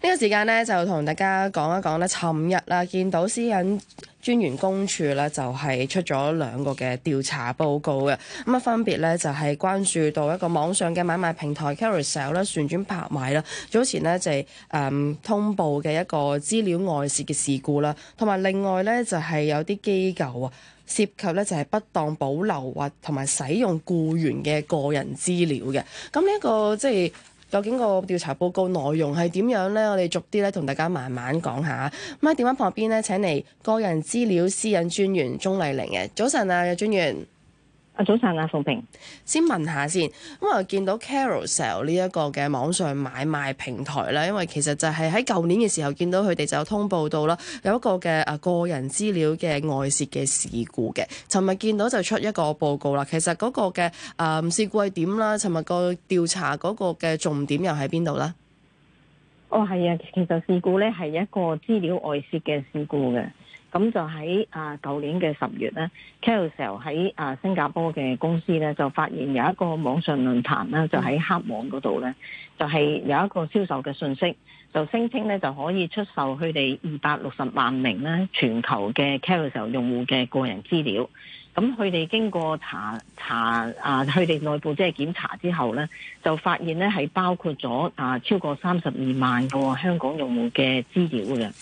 呢個時間咧就同大家講一講咧，尋日啦見到私隱專員公署咧就係、是、出咗兩個嘅調查報告嘅，咁啊分別咧就係、是、關注到一個網上嘅買賣平台 Carousell 啦，旋轉拍賣啦，早前咧就係、是、誒、嗯、通報嘅一個資料外泄嘅事故啦，同埋另外咧就係、是、有啲機構啊涉及咧就係不當保留或同埋使用僱員嘅個人資料嘅，咁呢一個即係。就是究竟個調查報告內容係點樣咧？我哋逐啲咧同大家慢慢講下。咁喺電話旁邊咧，請嚟個人資料私隱專員鍾麗玲嘅早晨啊，專員。啊，早晨啊，鳳萍，先問下先咁啊，嗯、我見到 Carousell 呢一個嘅網上買賣平台咧，因為其實就係喺舊年嘅時候見到佢哋就有通報到啦，有一個嘅啊個人資料嘅外泄嘅事故嘅。尋日見到就出一個報告啦，其實嗰個嘅啊、呃、事故係點啦？尋日個調查嗰個嘅重點又喺邊度咧？哦，係啊，其實事故咧係一個資料外泄嘅事故嘅。咁就喺啊，舊年嘅十月咧，Carousell 喺啊新加坡嘅公司咧，就發現有一個網上論壇咧，就喺黑網嗰度咧，就係有一個銷售嘅信息，就聲稱咧就可以出售佢哋二百六十萬名咧全球嘅 Carousell 用戶嘅個人資料。咁佢哋經過查查啊，佢哋內部即係檢查之後咧，就發現咧係包括咗啊超過三十二萬個香港用戶嘅資料嘅。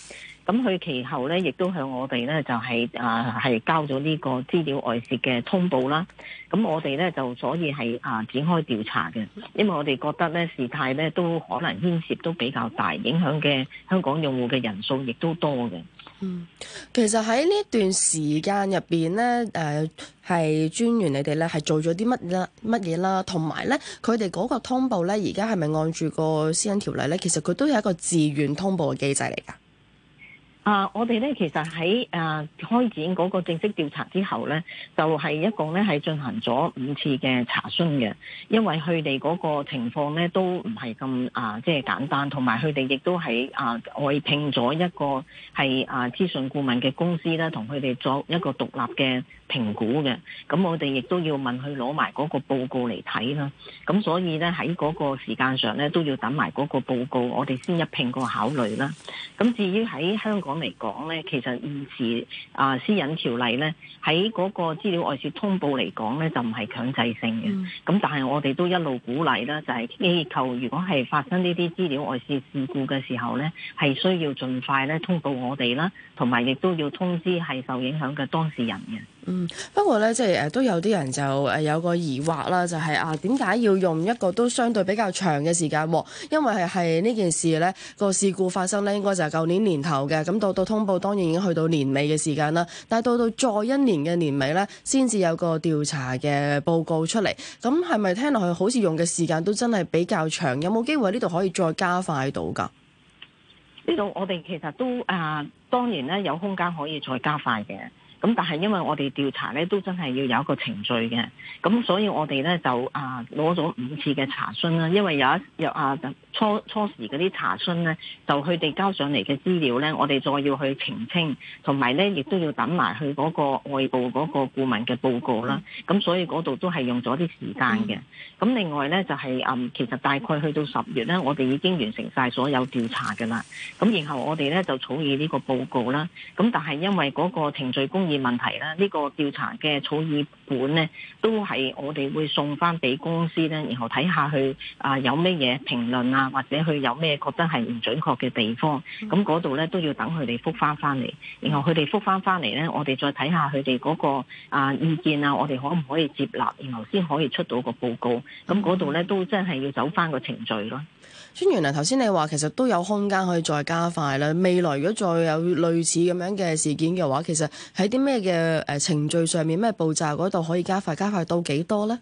咁佢其後咧，亦都向我哋咧就係、是、啊，係交咗呢個資料外泄嘅通報啦。咁我哋咧就所以係啊，展開調查嘅，因為我哋覺得咧事態咧都可能牽涉都比較大，影響嘅香港用戶嘅人數亦都多嘅。嗯，其實喺呢段時間入邊咧，誒、呃、係專員你哋咧係做咗啲乜啦乜嘢啦，同埋咧佢哋嗰個通報咧，而家係咪按住個私隱條例咧？其實佢都係一個自願通報嘅機制嚟㗎。啊！我哋咧，其實喺啊開展嗰個正式調查之後咧，就係、是、一共咧係進行咗五次嘅查詢嘅，因為佢哋嗰個情況咧都唔係咁啊，即係簡單，同埋佢哋亦都係啊外聘咗一個係啊資訊顧問嘅公司咧，同佢哋作一個獨立嘅評估嘅。咁我哋亦都要問佢攞埋嗰個報告嚟睇啦。咁所以咧喺嗰個時間上咧都要等埋嗰個報告，我哋先一聘個考慮啦。咁至於喺香港嚟講咧，其實二字啊，私隱條例咧。喺嗰個資料外泄通報嚟講咧，就唔係強制性嘅。咁、嗯、但係我哋都一路鼓勵啦，就係機構如果係發生呢啲資料外泄事、事故嘅時候咧，係需要盡快咧通報我哋啦，同埋亦都要通知係受影響嘅當事人嘅。嗯，不過咧，即係誒都有啲人就誒有個疑惑啦，就係、是、啊，點解要用一個都相對比較長嘅時間，因為係係呢件事咧個事故發生咧，應該就係舊年年頭嘅，咁到到通報當然已經去到年尾嘅時間啦。但係到到再一年，嘅年尾咧，先至有個調查嘅報告出嚟。咁係咪聽落去好似用嘅時間都真係比較長？有冇機會喺呢度可以再加快到㗎？呢度我哋其實都啊、呃，當然咧有空間可以再加快嘅。咁但係因為我哋調查咧都真係要有一個程序嘅，咁所以我哋咧就啊攞咗五次嘅查詢啦，因為有一日啊初初時嗰啲查詢咧，就佢哋交上嚟嘅資料咧，我哋再要去澄清，同埋咧亦都要等埋去嗰個外部嗰個顧問嘅報告啦，咁所以嗰度都係用咗啲時間嘅。咁另外咧就係、是、嗯、啊，其實大概去到十月咧，我哋已經完成晒所有調查㗎啦。咁然後我哋咧就草擬呢個報告啦。咁但係因為嗰個程序工意見問題啦，呢個調查嘅草擬本呢，都係我哋會送翻俾公司呢，然後睇下佢啊，有咩嘢評論啊，或者佢有咩覺得係唔準確嘅地方，咁嗰度呢，都要等佢哋覆翻翻嚟，然後佢哋覆翻翻嚟呢，我哋再睇下佢哋嗰個啊意見啊，我哋可唔可以接納，然後先可以出到個報告，咁嗰度呢，都真係要走翻個程序咯。咁原來頭先你話其實都有空間可以再加快啦。未來如果再有類似咁樣嘅事件嘅話，其實喺啲咩嘅誒程序上面咩步驟嗰度可以加快？加快到幾多咧？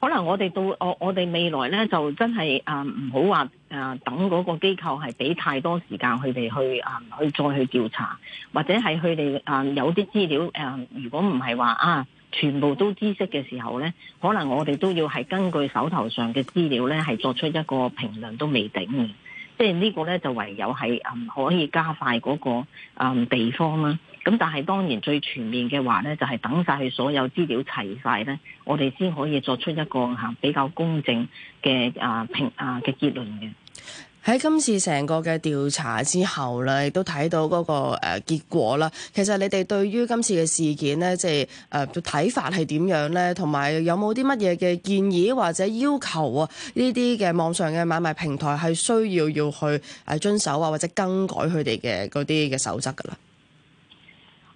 可能我哋到我我哋未來咧就真係啊，唔好話啊，等嗰個機構係俾太多時間佢哋去啊去、呃、再去調查，或者係佢哋啊有啲資料誒、呃，如果唔係話啊。全部都知識嘅時候呢，可能我哋都要係根據手頭上嘅資料呢，係作出一個評論都未定嘅。即係呢個呢，就唯有係嗯可以加快嗰、嗰個、嗯、地方啦。咁但係當然最全面嘅話呢，就係、係、等晒佢所有資料齊晒呢，我哋先可以作出一個嚇比較公正嘅啊評啊嘅結論嘅。喺今次成個嘅調查之後咧，亦都睇到嗰個誒結果啦。其實你哋對於今次嘅事件咧，即係誒睇法係點樣咧？同埋有冇啲乜嘢嘅建議或者要求啊？呢啲嘅網上嘅買賣平台係需要要去誒遵守啊，或者更改佢哋嘅嗰啲嘅守則㗎喇。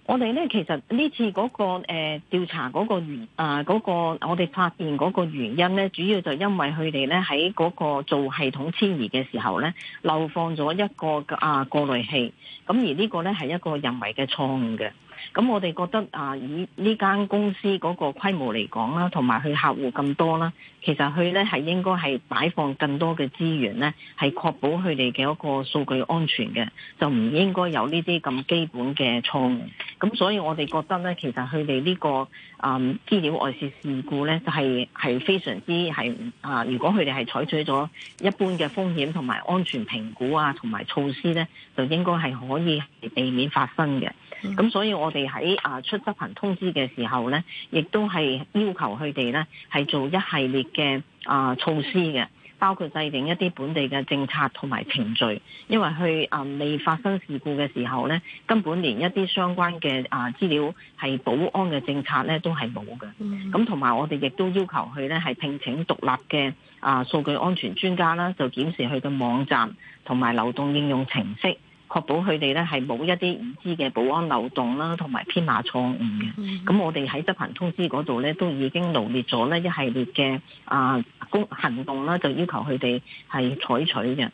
我哋咧，其實呢次嗰、嗰個誒、呃、調查嗰、嗰個呃嗰個、個原啊嗰個，我哋發現嗰個原因咧，主要就因為佢哋咧喺嗰個做系統遷移嘅時候咧，漏放咗一個啊過濾器，咁而呢個咧係一個人為嘅錯誤嘅。咁我哋覺得啊，以呢間公司嗰個規模嚟講啦，同埋佢客戶咁多啦，其實佢咧係應該係擺放更多嘅資源咧，係確保佢哋嘅一個數據安全嘅，就唔應該有呢啲咁基本嘅錯誤。咁所以我哋覺得咧，其實佢哋呢個啊、嗯、資料外泄事、事故咧，就係、係、係非常之係啊，如果佢哋係採取咗一般嘅風險同埋安全評估啊，同埋措施咧，就應該係可以避免發生嘅。咁所以我哋喺啊出執行通知嘅時候咧，亦都係要求佢哋咧係做一系列嘅啊措施嘅，包括制定一啲本地嘅政策同埋程序。因為佢啊未發生事故嘅時候咧，根本連一啲相關嘅啊資料係保安嘅政策咧都係冇嘅。咁同埋我哋亦都要求佢咧係聘請獨立嘅啊數據安全專家啦，就檢視佢嘅網站同埋流動應用程式。確保佢哋咧係冇一啲唔知嘅保安漏洞啦，同埋編碼錯誤嘅。咁我哋喺執行通知嗰度咧，都已經羅列咗咧一系列嘅啊公行動啦，就要求佢哋係採取嘅。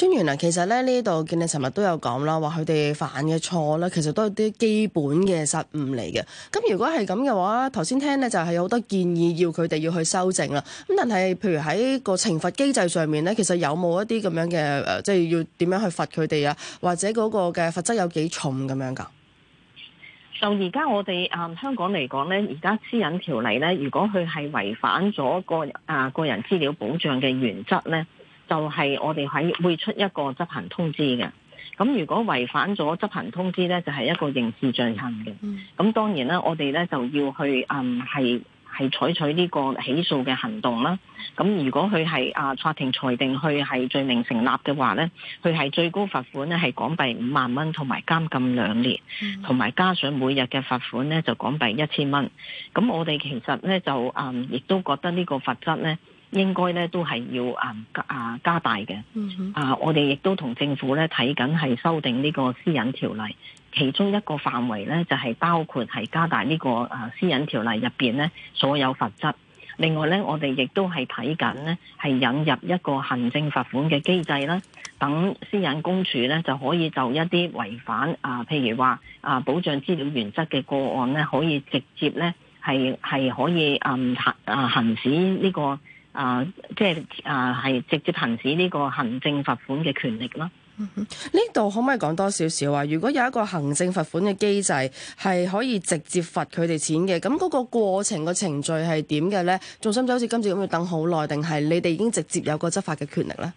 專員啊，其實咧呢度見你尋日都有講啦，話佢哋犯嘅錯咧，其實都係啲基本嘅失誤嚟嘅。咁如果係咁嘅話，頭先聽咧就係有好多建議要佢哋要去修正啦。咁但係，譬如喺個懲罰機制上面咧，其實有冇一啲咁樣嘅誒、呃，即係要點樣去罰佢哋啊？或者嗰個嘅罰則有幾重咁樣噶？就而家我哋啊、嗯、香港嚟講咧，而家私隱條例咧，如果佢係違反咗個啊個人資料保障嘅原則咧。就係我哋喺會出一個執行通知嘅，咁如果違反咗執行通知呢，就係、是、一個刑事罪行嘅。咁當然啦，我哋呢就要去嗯係係採取呢個起訴嘅行動啦。咁如果佢係啊法庭裁定佢係罪名成立嘅話呢，佢係最高罰款呢係港幣五萬蚊，同埋監禁兩年，同埋、嗯、加上每日嘅罰款呢就港幣一千蚊。咁我哋其實呢，就嗯亦都覺得呢個罰則呢。應該咧都係要啊啊加大嘅。mm hmm. 啊我哋亦都同政府咧睇緊係修訂呢個私隱條例，其中一個範圍咧就係、係、包括係加大呢個啊私隱條例入邊咧所有罰則。另外咧，我哋亦都係睇緊咧係引入一個行政罰款嘅機制啦，等私隱公署咧就可以就一啲違反啊，譬如話啊保障資料原則嘅個案咧，可以直接咧係係可以嗯行啊行使呢、呢個。啊、呃，即係啊，係、呃、直接行使呢個行政罰款嘅權力咯。呢度、嗯、可唔可以講多少少啊？如果有一個行政罰款嘅機制，係可以直接罰佢哋錢嘅，咁嗰個過程、個程序係點嘅咧？重心就好似今次咁要等好耐，定係你哋已經直接有個執法嘅權力咧？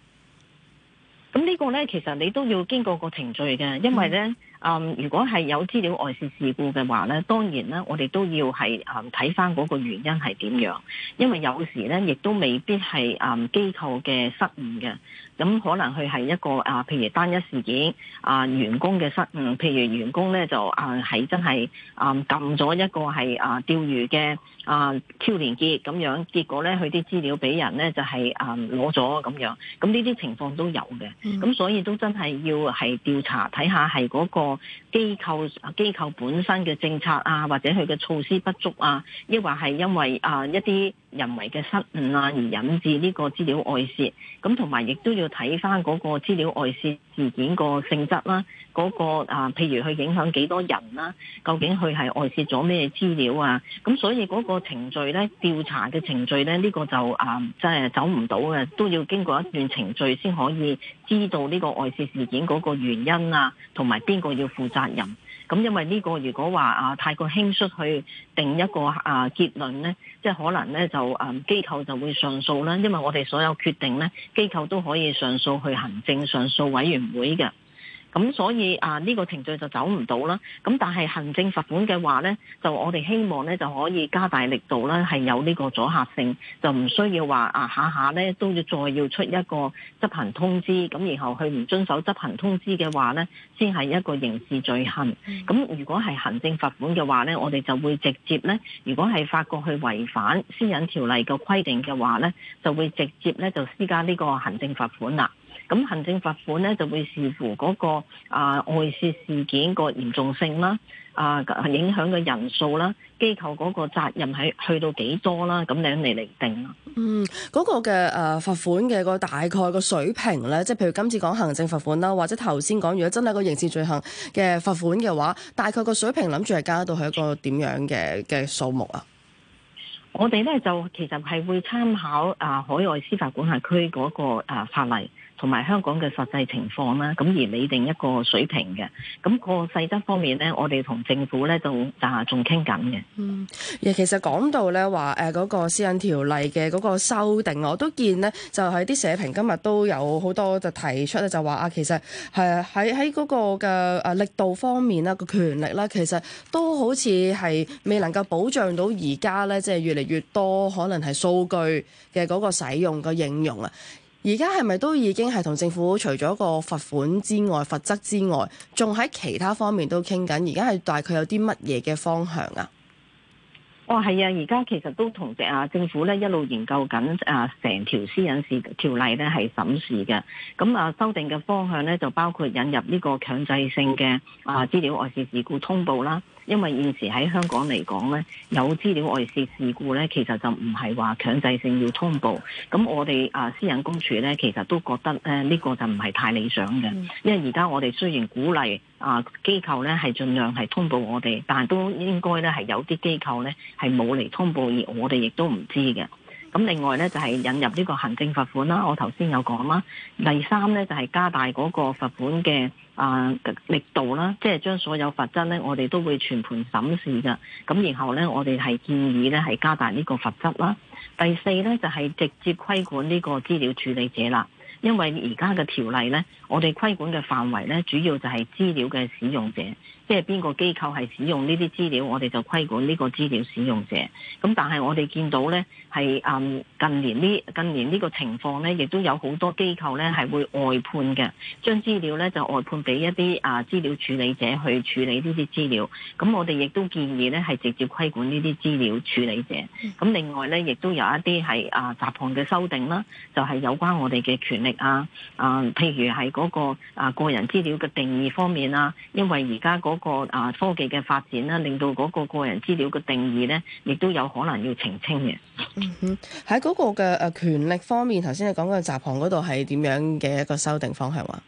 咁、嗯，這個、呢個咧，其實你都要經過個程序嘅，因為咧。嗯嗯，如果係有資料外泄事、事故嘅話咧，當然咧，我哋都要係啊睇翻嗰個原因係點樣，因為有時咧亦都未必係啊、嗯、機構嘅失誤嘅，咁可能佢係一個啊，譬如單一事件啊，員工嘅失誤，譬如員工咧就啊係真係啊撳咗一個係啊釣魚嘅啊超連結咁樣，結果咧佢啲資料俾人咧就係、係、啊攞咗咁樣，咁呢啲情況都有嘅，咁所以都真係要係調查睇下係嗰個。機構機構本身嘅政策啊，或者佢嘅措施不足啊，抑或係因為啊、呃、一啲，人為嘅失誤啊，而引致呢個資料外泄，咁同埋亦都要睇翻嗰個資料外泄事件個性質啦，嗰、那個啊，譬如佢影響幾多人啦、啊，究竟佢係外泄咗咩資料啊，咁所以嗰個程序咧，調查嘅程序咧，呢、這個就啊，真係走唔到嘅，都要經過一段程序先可以知道呢個外泄事件嗰個原因啊，同埋邊個要負責任。咁因為呢個如果話啊太過輕率去定一個啊結論咧，即係可能咧就啊機構就會上訴啦。因為我哋所有決定咧，機構都可以上訴去行政上訴委員會嘅。咁、嗯、所以啊，呢、呢個程序就走唔到啦。咁、嗯、但係行政罰款嘅話呢，就我哋希望呢就可以加大力度啦，係有呢個阻嚇性，就唔需要話啊下下呢都要再要出一個執行通知。咁然後佢唔遵守執行通知嘅話呢，先係一個刑事罪行。咁如果係行政罰款嘅話呢，我哋就會直接呢，如果係發覺去違反私隱條例嘅規定嘅話呢，就會直接呢就施加呢個行政罰款啦。咁行政罰款咧，就會視乎嗰、那個啊、呃、外泄事，事件個嚴重性啦，啊、呃、影響嘅人數啦，機構嗰個責任係去到幾多啦？咁樣嚟嚟定啦。嗯，嗰、那個嘅誒、呃、罰款嘅個大概個水平咧，即係譬如今次講行政罰款啦，或者頭先講如果真係個刑事罪行嘅罰款嘅話，大概個水平諗住係加到係一個點樣嘅嘅數目啊？我哋咧就其實係會參考啊、呃、海外司法管轄區嗰個、呃、法例。同埋香港嘅實際情況啦，咁而擬定一個水平嘅，咁個細則方面呢，我哋同政府呢就大仲傾緊嘅。嗯，其實講到呢話誒嗰個私隱條例嘅嗰個修訂，我都見呢就喺啲社評今日都有好多就提出咧，就話啊，其實係喺喺嗰個嘅誒力度方面啦，個權力啦，其實都好似係未能夠保障到而家呢，即係越嚟越多可能係數據嘅嗰個使用個應用啊。而家係咪都已經係同政府除咗個罰款之外，罰則之外，仲喺其他方面都傾緊？而家係大概有啲乜嘢嘅方向啊？哦，係啊！而家其實都同啊政府咧一路研究緊啊，成條私隱事條例咧係審視嘅。咁啊，修訂嘅方向咧就包括引入呢個強制性嘅啊資料外洩事故通報啦。因為現時喺香港嚟講呢，有資料外泄事故呢，其實就唔係話強制性要通報。咁我哋啊私隱公署呢，其實都覺得呢，呢個就唔係太理想嘅。因為而家我哋雖然鼓勵啊機構呢係盡量係通報我哋，但係都應該呢係有啲機構呢係冇嚟通報，而我哋亦都唔知嘅。咁另外呢，就係引入呢個行政罰款啦，我頭先有講啦。第三呢、呃，就係加大嗰個罰款嘅啊力度啦，即係將所有罰則呢，我哋都會全盤審視噶。咁然後呢，我哋係建議呢，係加大呢個罰則啦。第四呢，就係直接規管呢個資料處理者啦，因為而家嘅條例呢，我哋規管嘅範圍呢，主要就係資料嘅使用者。即係邊個機構係使用呢啲資料，我哋就規管呢個資料使用者。咁但係我哋見到呢，係誒近年呢，近年呢個情況呢，亦都有好多機構呢係會外判嘅，將資料呢就外判俾一啲啊資料處理者去處理呢啲資料。咁我哋亦都建議呢，係直接規管呢啲資料處理者。咁另外呢，亦都有一啲係啊雜項嘅修訂啦，就係有關我哋嘅權力啊啊，譬如係嗰個啊個人資料嘅定義方面啊，因為而家嗰嗰個啊科技嘅發展啦，令到嗰個個人資料嘅定義咧，亦都有可能要澄清嘅。喺嗰、嗯嗯、個嘅誒權力方面，頭先你講嘅執行嗰度係點樣嘅一個修訂方向啊？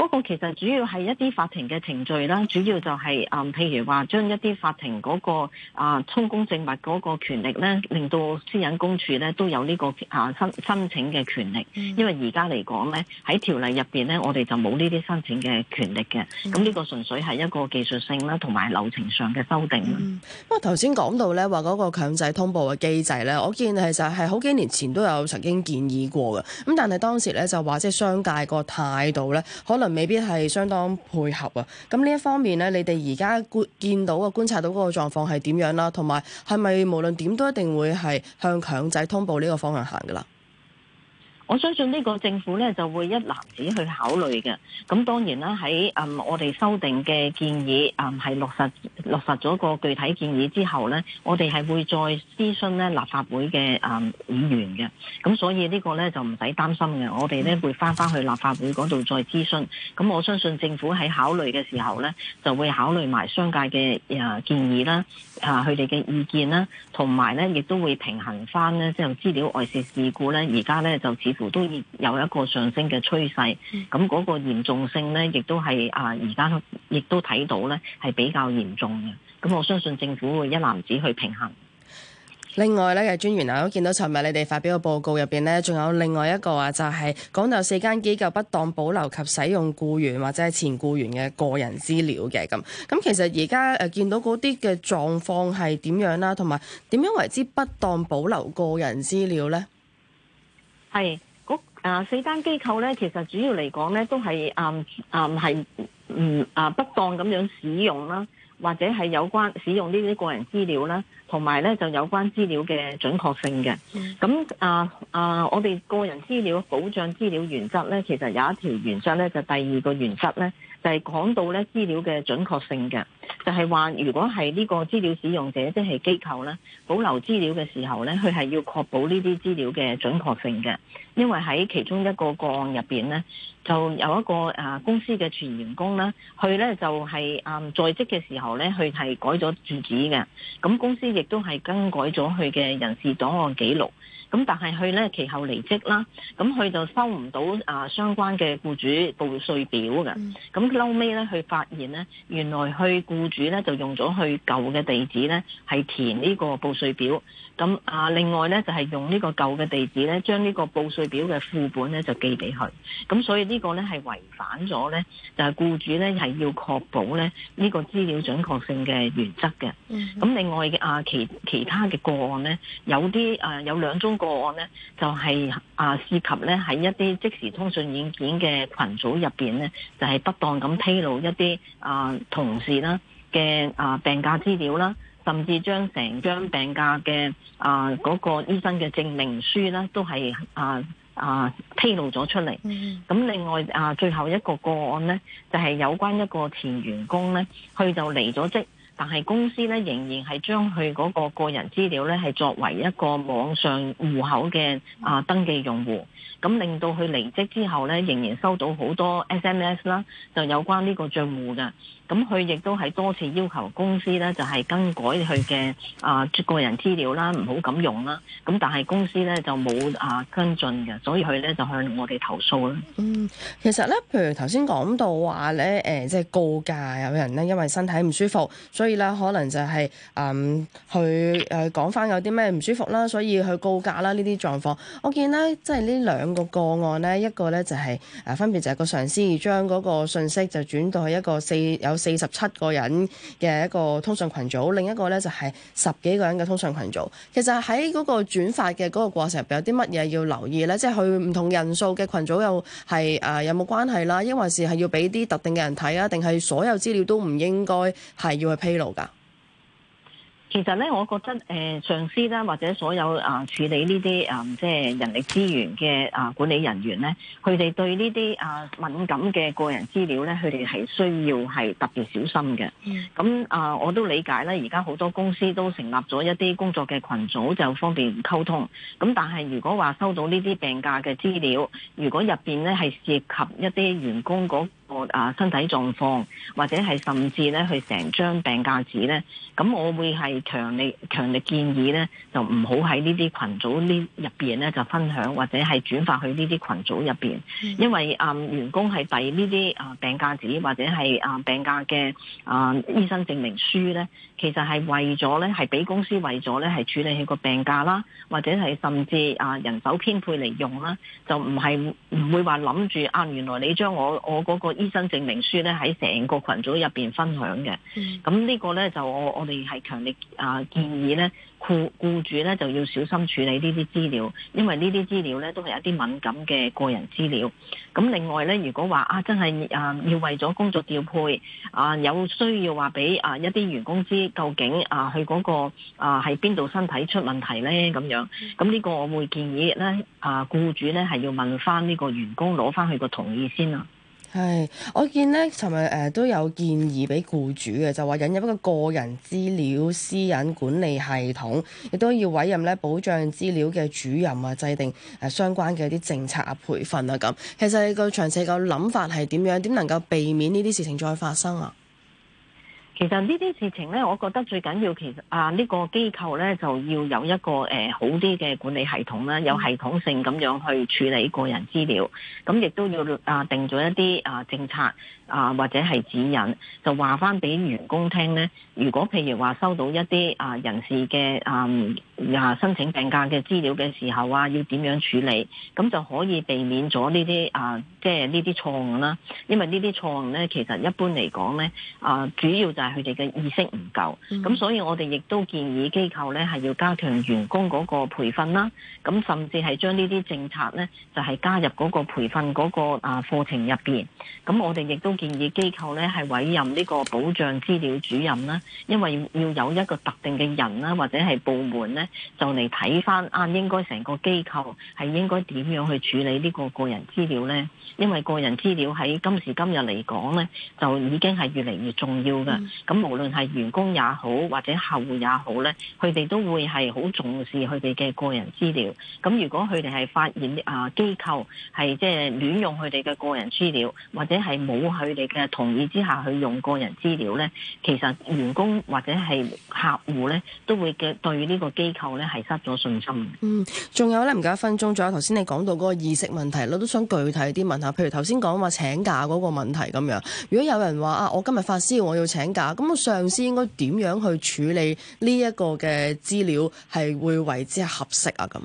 嗰個其實主要係一啲法庭嘅程序啦，主要就係、是、誒、嗯，譬如話將一啲法庭嗰、那個啊充公證物嗰個權力咧，令到私隱公署咧都有呢、這個啊申申請嘅權力。嗯、因為而家嚟講咧，喺條例入邊咧，我哋就冇呢啲申請嘅權力嘅。咁呢、嗯、個純粹係一個技術性啦，同埋流程上嘅修訂、嗯。不過頭先講到咧，話嗰個強制通報嘅機制咧，我見其實係好幾年前都有曾經建議過嘅。咁但係當時咧就話，即係商界個態度咧，可能。未必係相當配合啊！咁呢一方面咧，你哋而家見到啊、觀察到嗰個狀況係點樣啦，同埋係咪無論點都一定會係向強制通報呢個方向行噶啦？我相信呢個政府咧就會一籃子去考慮嘅。咁當然啦，喺嗯我哋修訂嘅建議，嗯係落實落實咗個具體建議之後咧，我哋係會再諮詢咧立法會嘅嗯議員嘅。咁所以呢個咧就唔使擔心嘅。我哋咧會翻翻去立法會嗰度再諮詢。咁我相信政府喺考慮嘅時候咧，就會考慮埋商界嘅誒建議啦，啊佢哋嘅意見啦，同埋咧亦都會平衡翻咧，即係資料外泄事故咧，而家咧就只都有一個上升嘅趨勢，咁嗰個嚴重性呢，亦都係啊，而家亦都睇到呢，係比較嚴重嘅。咁我相信政府會一攬子去平衡。另外呢，嘅專員啊，都見到尋日你哋發表嘅報告入邊呢，仲有另外一個呀就係講到四間機構不當保留及使用僱員或者係前僱員嘅個人資料嘅咁。咁其實而家誒見到嗰啲嘅狀況係點樣啦，同埋點樣為之不當保留個人資料呢？係。啊！Uh, 四間機構咧，其實主要嚟講咧，都係啊啊係嗯啊不當咁、uh, uh, uh, uh, uh, uh, 樣使用啦，或者係有關使用呢啲個人資料啦，同埋咧就有關資料嘅準確性嘅。咁啊啊，uh, uh, 我哋個人資料保障資料原則咧，其實有一條原則咧，就第二個原則咧，就係、是、講到咧資料嘅準確性嘅。就係話，如果係呢個資料使用者即係機構咧，保留資料嘅時候咧，佢係要確保呢啲資料嘅準確性嘅。因為喺其中一個個案入邊咧，就有一個誒公司嘅全員工啦，佢咧就係誒在職嘅時候咧，佢係改咗住址嘅。咁公司亦都係更改咗佢嘅人事檔案記錄。咁但係佢咧其後離職啦，咁佢就收唔到誒相關嘅僱主報稅表嘅。咁、嗯、後尾咧，佢發現咧，原來去故僱主咧就用咗去舊嘅地址咧，係填呢個報稅表。咁啊，另外咧就係用呢個舊嘅地址咧，將呢個報稅表嘅副本咧就寄俾佢。咁所以呢個咧係違反咗咧，就係僱主咧係要確保咧呢個資料準確性嘅原則嘅。咁另外嘅啊其其他嘅個案咧，有啲啊有兩宗個案咧，就係啊涉及咧喺一啲即時通訊軟件嘅群組入邊咧，就係不當咁披露一啲啊同事啦。嘅啊病假資料啦，甚至將成張病假嘅啊嗰個醫生嘅證明書啦，都係啊啊披露咗出嚟。咁另外啊，最後一個個案呢，就係有關一個前員工呢，佢就離咗職，但係公司呢，仍然係將佢嗰個個人資料呢，係作為一個網上戶口嘅啊登記用戶，咁令到佢離職之後呢，仍然收到好多 SMS 啦，就有關呢個賬戶㗎。咁佢亦都係多次要求公司咧，就係更改佢嘅啊個人資料啦，唔好咁用啦。咁但係公司咧就冇啊跟進嘅，所以佢咧就向我哋投訴啦。嗯，其實咧，譬如頭先講到話咧，誒，即係告假有人咧，因為身體唔舒服，所以咧可能就係嗯去誒講翻有啲咩唔舒服啦，所以去告假啦呢啲狀況。我見呢，即係呢兩個個案咧，一個咧就係啊分別就係個上司將嗰個信息就轉到去一個四有。四十七個人嘅一個通訊群組，另一個咧就係、是、十幾個人嘅通訊群組。其實喺嗰個轉發嘅嗰個過程入邊，有啲乜嘢要留意咧？即係佢唔同人數嘅群組又係誒、呃、有冇關係啦？因為是係要俾啲特定嘅人睇啊，定係所有資料都唔應該係要去披露㗎？其實咧，我覺得誒上司啦，或者所有啊處理呢啲啊即係人力資源嘅啊管理人員咧，佢哋對呢啲啊敏感嘅個人資料咧，佢哋係需要係特別小心嘅。咁啊，我都理解咧，而家好多公司都成立咗一啲工作嘅群組，就方便溝通。咁但係如果話收到呢啲病假嘅資料，如果入邊咧係涉及一啲員工嘅我啊身體狀況，或者係甚至咧，去成張病假紙咧，咁我會係強力強力建議咧，就唔好喺呢啲群組呢入邊咧就分享，或者係轉發去呢啲群組入邊，嗯、因為啊員工係遞呢啲啊病假紙或者係啊病假嘅啊醫生證明書咧，其實係為咗咧係俾公司為咗咧係處理起個病假啦，或者係甚至啊、呃、人手編配嚟用啦，就唔係唔會話諗住啊原來你將我我嗰、嗰個醫生證明書咧喺成個群組入邊分享嘅，咁呢個咧就我我哋係強烈啊建議咧僱僱主咧就要小心處理呢啲資料，因為呢啲資料咧都係一啲敏感嘅個人資料。咁另外咧，如果話啊真係啊要為咗工作調配啊有需要話俾啊一啲員工知究竟、那個、啊佢嗰個啊喺邊度身體出問題咧咁樣，咁呢個我會建議咧啊僱主咧係要問翻呢個員工攞翻佢個同意先啦。係，我見咧，尋日誒都有建議俾僱主嘅，就話引入一個個人資料私隱管理系統，亦都要委任咧保障資料嘅主任啊，制定誒相關嘅一啲政策啊、培訓啊咁。其實你個詳細個諗法係點樣？點能夠避免呢啲事情再發生啊？其實呢啲事情呢，我覺得最緊要其實啊，呢、呢個機構呢，就要有一個誒、呃、好啲嘅管理系統啦，有系統性咁樣去處理個人資料，咁亦都要啊定咗一啲啊政策。啊，或者係指引，就話翻俾員工聽咧。如果譬如話收到一啲啊人士嘅啊、嗯、申請病假嘅資料嘅時候啊，要點樣處理，咁就可以避免咗呢啲啊即係呢啲錯誤啦。因為呢啲錯誤咧，其實一般嚟講咧啊，主要就係佢哋嘅意識唔夠，咁、嗯、所以我哋亦都建議機構咧係要加強員工嗰個培訓啦。咁甚至係將呢啲政策咧就係、是、加入嗰個培訓嗰個啊課程入邊，咁我哋亦都。建議機構咧係委任呢個保障資料主任啦，因為要有一個特定嘅人啦，或者係部門咧，就嚟睇翻啊，應該成個機構係應該點樣去處理呢個個人資料咧？因為個人資料喺今時今日嚟講咧，就已經係越嚟越重要㗎。咁無論係員工也好，或者客戶也好咧，佢哋都會係好重視佢哋嘅個人資料。咁如果佢哋係發現啊機構係即係亂用佢哋嘅個人資料，或者係冇去佢哋嘅同意之下，去用個人資料咧，其實員工或者係客戶咧，都會嘅對呢個機構咧係失咗信心。嗯，仲有咧，唔夠一分鐘，仲有頭先你講到嗰個意識問題，我都想具體啲問下，譬如頭先講話請假嗰個問題咁樣，如果有人話啊，我今日發燒，我要請假，咁我上司應該點樣去處理呢一個嘅資料，係會為之合適啊？咁。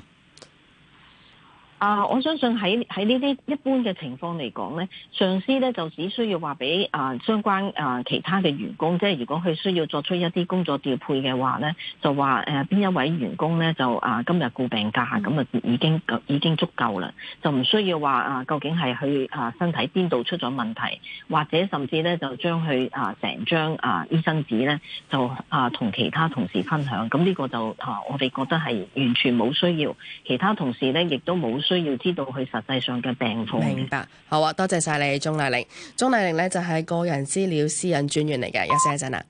啊！我相信喺喺呢啲一般嘅情況嚟講，咧，上司咧就只需要話俾啊相關啊其他嘅員工，即係如果佢需要作出一啲工作調配嘅話，咧，就話誒邊一位員工咧就啊今日告病假，咁啊已經啊已經足夠啦，就唔需要話啊究竟係去啊身體邊度出咗問題，或者甚至咧就將佢啊成張啊醫生紙咧就啊同其他同事分享，咁呢個就啊我哋覺得係完全冇需要，其他同事咧亦都冇需要知道佢實際上嘅病況。明白，好啊，多謝曬你，鍾麗玲。鍾麗玲呢，就係個人資料私隱專員嚟嘅，休息一陣啊。